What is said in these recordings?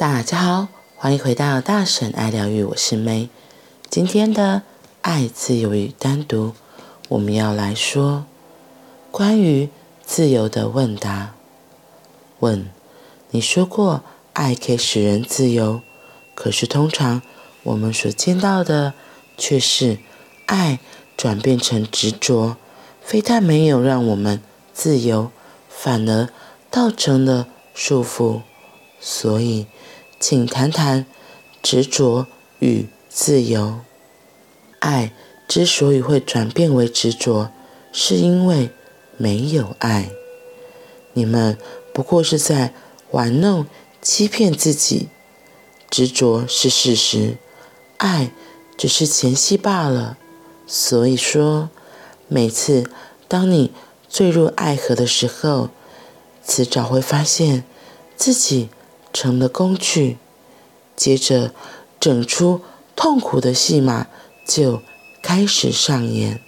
大家好，歡迎回到大神愛療癒，我是梅。今天的愛自由與單獨，我們要來說關於自由的問答。問：你說過愛可以使人自由，可是通常我們所見到的卻是愛轉變成執着，非但沒有讓我們自由，反而造成了束縛。所以。請談談執着與自由。愛之所以會轉變為執着，是因為沒有愛。你們不過是在玩弄、欺騙自己。執着是事實，愛只是前戲罷了。所以說，每次當你墜入愛河的時候，遲早會發現自己。成了工具，接着整出痛苦的戲碼就開始上演。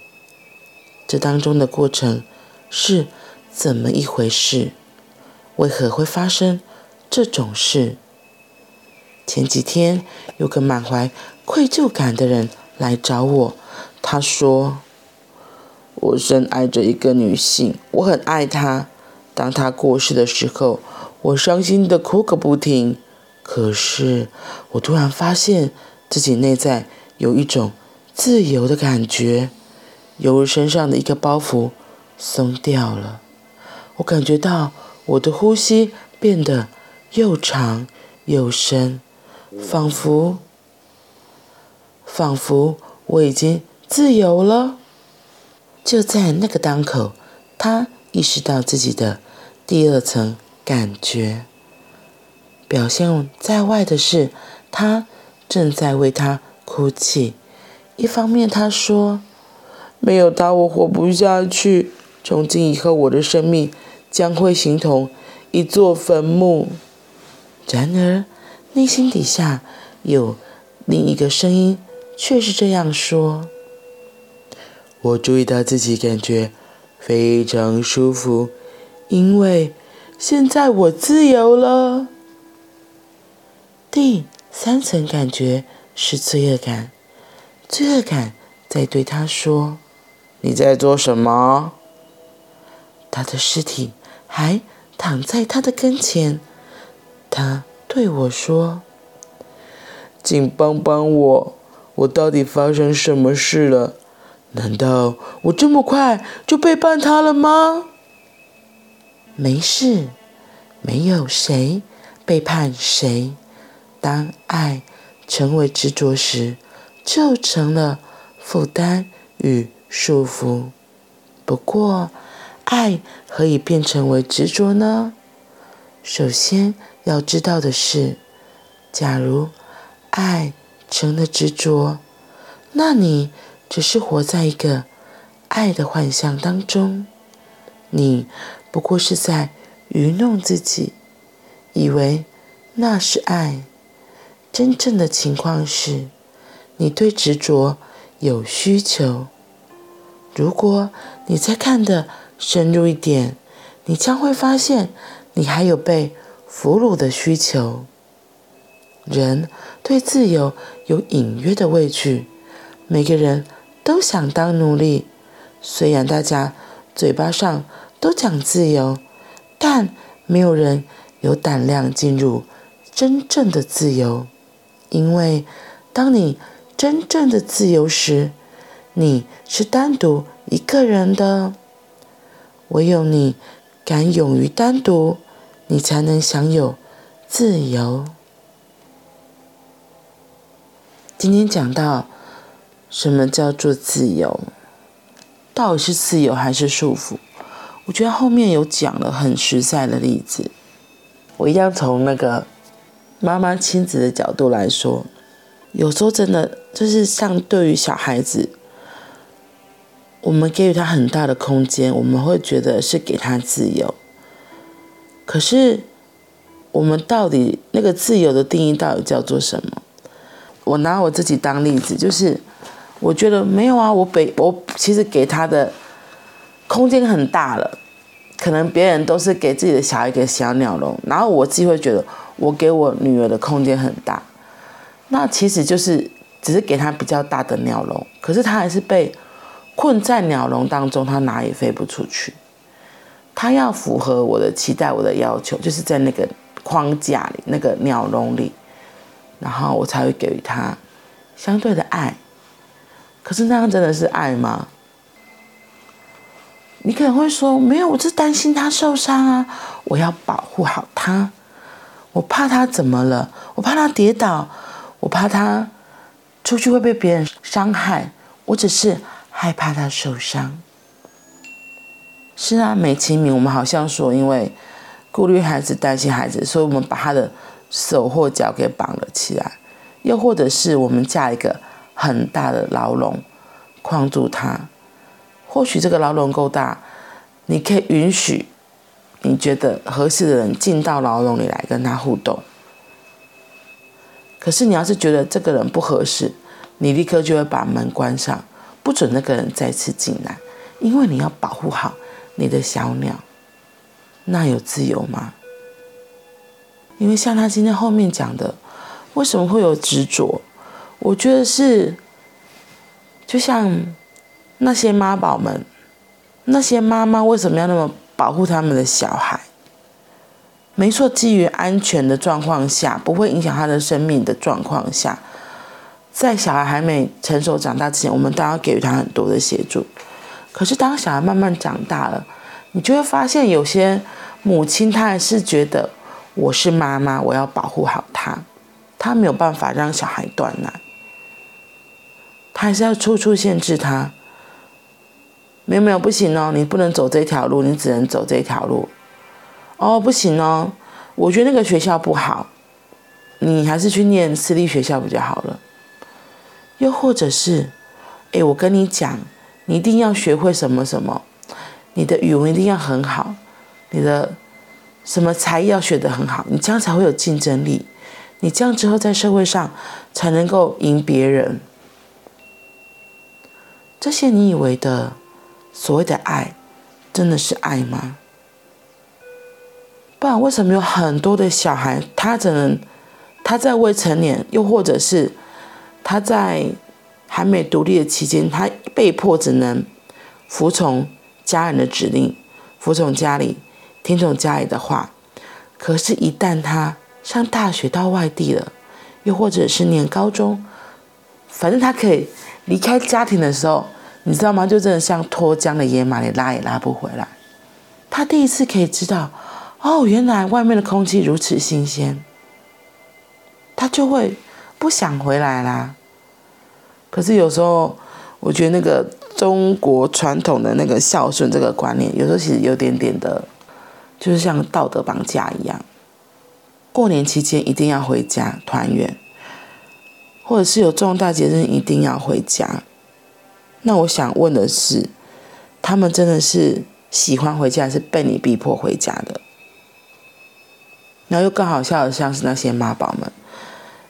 這當中的過程是怎麼一回事？為何會發生這種事？前幾天有個滿懷愧疚感的人來找我，他說：“我深愛着一個女性，我很愛她。當她過世的時候，”我傷心的哭個不停，可是我突然發現自己內在有一種自由的感覺，猶如身上的一個包袱鬆掉了。我感覺到我的呼吸變得又長又深，仿佛……仿佛我已經自由了。就在那個當口，他意識到自己的第二層。感覺表現在外的是，他正在為他哭泣。一方面，他說：“沒有他，我活不下去。從今以後，我的生命將會形同一座墳墓。”然而，內心底下有另一個聲音卻是這樣說：“我注意到自己感覺非常舒服，因為……”現在我自由了。第三層感覺是罪惡感，罪惡感在對他說：“你在做什麼？”他的屍體還躺在他的跟前。他對我說：“請幫幫我，我到底發生什麼事了？難道我這麼快就背叛他了嗎？”沒事，沒有誰背叛誰。當愛成為執着時，就成了負擔與束縛。不過，愛何以變成為執着呢？首先要知道的是，假如愛成了執着，那你只是活在一個愛的幻象當中。你。不過是在愚弄自己，以為那是愛。真正的情況是，你對執着有需求。如果你再看得深入一點，你將會發現，你還有被俘虜的需求。人對自由有隱約的畏懼，每個人都想當奴隸。雖然大家嘴巴上，都講自由，但沒有人有膽量進入真正的自由，因為當你真正的自由時，你是單獨一個人的。唯有你敢勇於單獨，你才能享有自由。今天講到什麼叫做自由，到底是自由還是束縛？我覺得後面有講了很實在的例子，我一樣從那個媽媽親子的角度來說，有時候真的就是像對於小孩子，我們給予他很大的空間，我們會覺得是給他自由。可是我們到底那個自由的定義到底叫做什麼？我拿我自己當例子，就是我覺得沒有啊，我北我其實給他的。空間很大了，可能別人都是給自己的小孩一個小鳥籠，然後我自己會覺得我給我女兒的空間很大，那其實就是只是給她比較大的鳥籠，可是她還是被困在鳥籠當中，她哪也飛不出去。她要符合我的期待，我的要求，就是在那個框架裡，那個鳥籠裡，然後我才會給予她相對的愛。可是那樣真的是愛嗎？你可能會說：“沒有，我是擔心他受傷啊，我要保護好他，我怕他怎麼了，我怕他跌倒，我怕他出去會被別人傷害，我只是害怕他受傷。”是啊，美其名，我們好像說，因為顧慮孩子、擔心孩子，所以我們把他的手或腳給綁了起來，又或者是我們架一個很大的牢籠，框住他。或許這個牢籠夠大，你可以允許你覺得合適的人進到牢籠裡來跟他互動。可是你要是覺得這個人不合適，你立刻就會把門關上，不准那個人再次進來，因為你要保護好你的小鳥。那有自由嗎？因為像他今天後面講的，為什麼會有執着？我覺得是，就像。那些媽寶們，那些媽媽為什麼要那麼保護他們的小孩？沒錯，基於安全的狀況下，不會影響他的生命的狀況下，在小孩還沒成熟長大之前，我們都要給予他很多的協助。可是當小孩慢慢長大了，你就會發現有些母親她還是覺得我是媽媽，我要保護好他，她沒有辦法讓小孩斷奶，她還是要處處限制他。沒有沒有，不行哦！你不能走這條路，你只能走這條路。哦，不行哦！我覺得那個學校不好，你還是去念私立學校比較好了。又或者是，哎，我跟你講，你一定要學會什麼什麼，你的語文一定要很好，你的什麼才藝要學得很好，你這樣才會有競爭力，你這樣之後在社會上才能夠贏別人。這些你以為的。所謂的愛，真的是愛嗎？不然為什麼有很多的小孩，他只能他在未成年，又或者是他在還沒獨立的期間，他被迫只能服從家人的指令，服從家裡，聽從家裡的話。可是，一旦他上大學到外地了，又或者是念高中，反正他可以離開家庭的時候。你知道嗎？就真的像脫韁的野馬，你拉也拉不回來。他第一次可以知道，哦，原來外面的空氣如此新鮮，他就會不想回來啦。可是有時候，我覺得那個中國傳統的那個孝順這個觀念，有時候其實有點點的，就是像道德綁架一樣。過年期間一定要回家團圓，或者是有重大節日一定要回家。那我想問的是，他們真的是喜歡回家，還是被你逼迫回家的？然後又更好笑的，像是那些媽寶們，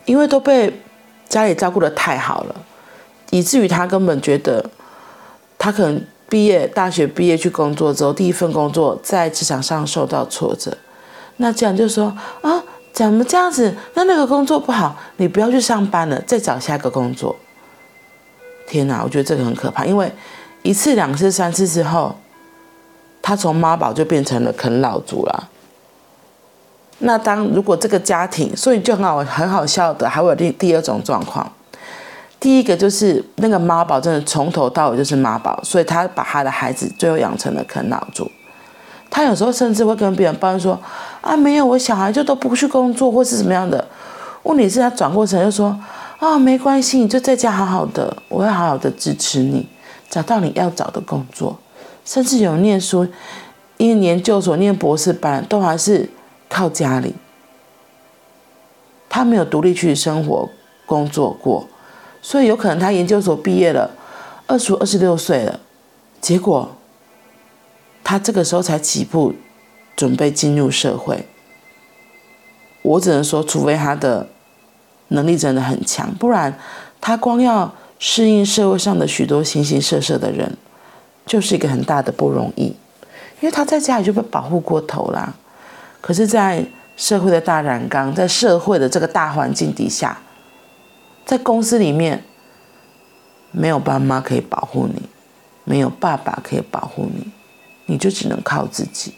因為都被家裡照顧得太好了，以至於他根本覺得，他可能畢業、大學畢業去工作之後，第一份工作在職場上受到挫折，那這樣就說啊，怎麼這樣子？那那個工作不好，你不要去上班了，再找下個工作。天吶，我覺得這個很可怕，因為一次、兩次、三次之後，他從媽寶就變成了啃老族了。那當如果這個家庭，所以就很好、很好笑的，還會有第第二種狀況。第一個就是那個媽寶，真的從頭到尾就是媽寶，所以他把他的孩子最後養成了啃老族。他有時候甚至會跟別人抱怨說：“啊，沒有，我小孩就都不去工作，或是什麼樣的。”問題是他轉過身又說。哦，沒關係，你就在家好好的，我會好好的支持你，找到你要找的工作，甚至有念書、念研究所、念博士班，都還是靠家裡。他沒有獨立去生活、工作過，所以有可能他研究所畢業了，二十二十六歲了，結果他這個時候才起步，準備進入社會。我只能說，除非他的。能力真的很強，不然他光要適應社會上的許多形形色色的人，就是一個很大的不容易。因為他在家裡就被保護過頭了，可是，在社會的大染缸，在社會的這個大環境底下，在公司裡面，沒有爸媽可以保護你，沒有爸爸可以保護你，你就只能靠自己。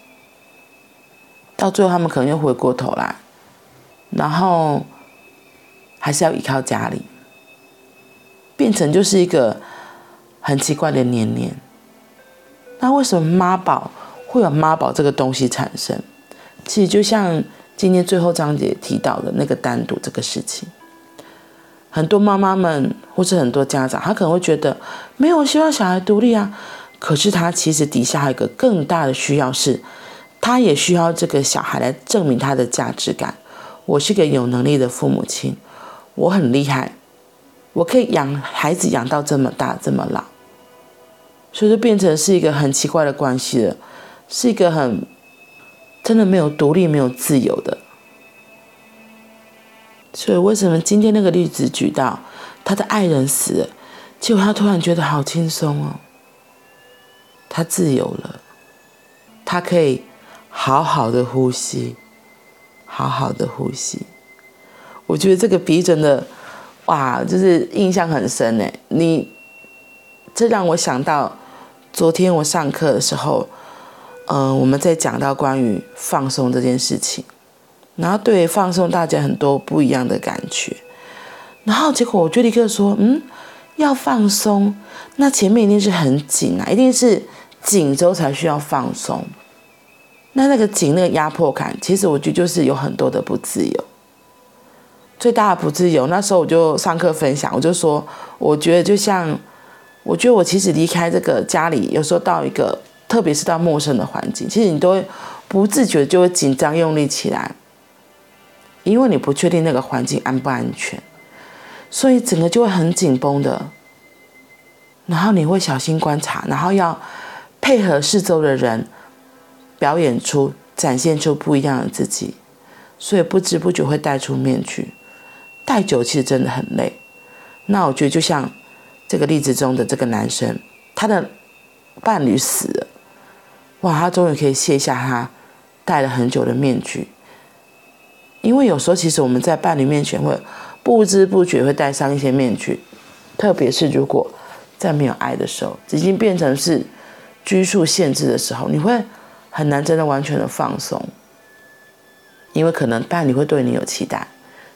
到最後，他們可能又回過頭來，然後。還是要依靠家裡，變成就是一個很奇怪的年年。那為什麼媽寶會有媽寶這個東西產生？其實就像今天最後張姐提到的那個單獨這個事情，很多媽媽們或者很多家長，他可能會覺得沒有希望小孩獨立啊。可是他其實底下還有一個更大的需要是，他也需要這個小孩來證明他的價值感。我是一個有能力的父母親。我很厲害，我可以養孩子養到這麼大這麼老，所以就變成是一個很奇怪的關係了，是一個很真的沒有獨立沒有自由的。所以為什麼今天那個例子舉到他的愛人死了，結果他突然覺得好輕鬆哦，他自由了，他可以好好的呼吸，好好的呼吸。我覺得這個逼真的，哇，就是印象很深哎。你這讓我想到昨天我上課的時候，嗯、呃，我們在講到關於放鬆這件事情，然後對放鬆大家很多不一樣的感覺，然後結果我就立刻說，嗯，要放鬆，那前面一定是很緊啊，一定是緊之後才需要放鬆。那那個緊，那個壓迫感，其實我覺得就是有很多的不自由。最大的不自由。那時候我就上課分享，我就說，我覺得就像，我覺得我其實離開這個家裡，有時候到一個，特別是到陌生的環境，其實你都會不自覺就會緊張用力起來，因為你不確定那個環境安不安全，所以整個就會很緊繃的。然後你會小心觀察，然後要配合四周的人，表演出，展現出不一樣的自己，所以不知不覺會戴出面具。戴久其實真的很累，那我覺得就像這個例子中的這個男生，他的伴侶死了，哇，他終於可以卸下他戴了很久的面具。因為有時候其實我們在伴侶面前會不知不覺會戴上一些面具，特別是如果在沒有愛的時候，已經變成是拘束限制的時候，你會很難真的完全的放鬆，因為可能伴侶會對你有期待。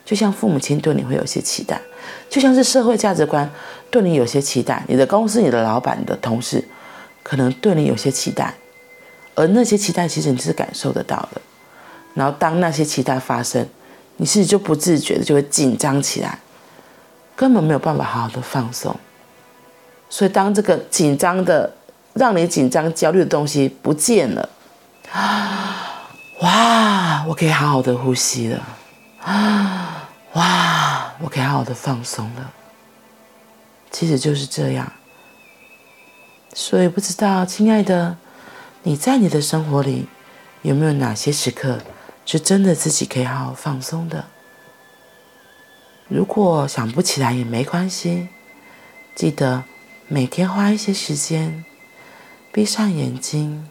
就像父母親對你會有些期待，就像是社會價值觀對你有些期待，你的公司、你的老闆、你的同事，可能對你有些期待，而那些期待其實你是感受得到的。然後當那些期待發生，你自己就不自覺的就會緊張起來，根本沒有辦法好好的放鬆。所以當這個緊張的、讓你緊張焦慮的東西不見了，啊，哇，我可以好好的呼吸了，啊。哇，我可以好好的放鬆了。其實就是這樣。所以不知道，親愛的，你在你的生活裡有沒有哪些時刻是真的自己可以好好放鬆的？如果想不起來也沒關係，記得每天花一些時間，閉上眼睛，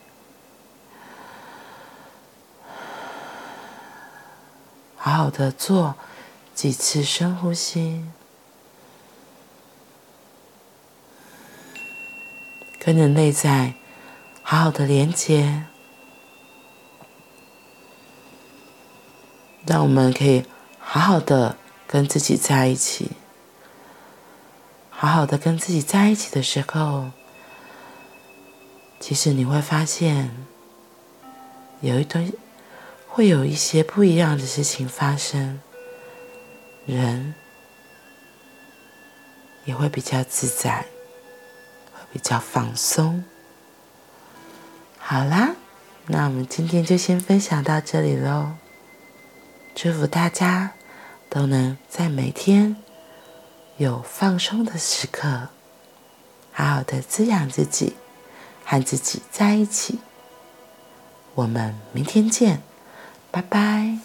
好好的做。幾次深呼吸，跟你內在好好的連接，讓我們可以好好的跟自己在一起。好好的跟自己在一起的時候，其實你會發現，有一堆，會有一些不一樣的事情發生。人也會比較自在，會比較放鬆。好啦，那我們今天就先分享到這裡嘍。祝福大家都能在每天有放鬆的時刻，好好的滋養自己，和自己在一起。我們明天見，拜拜。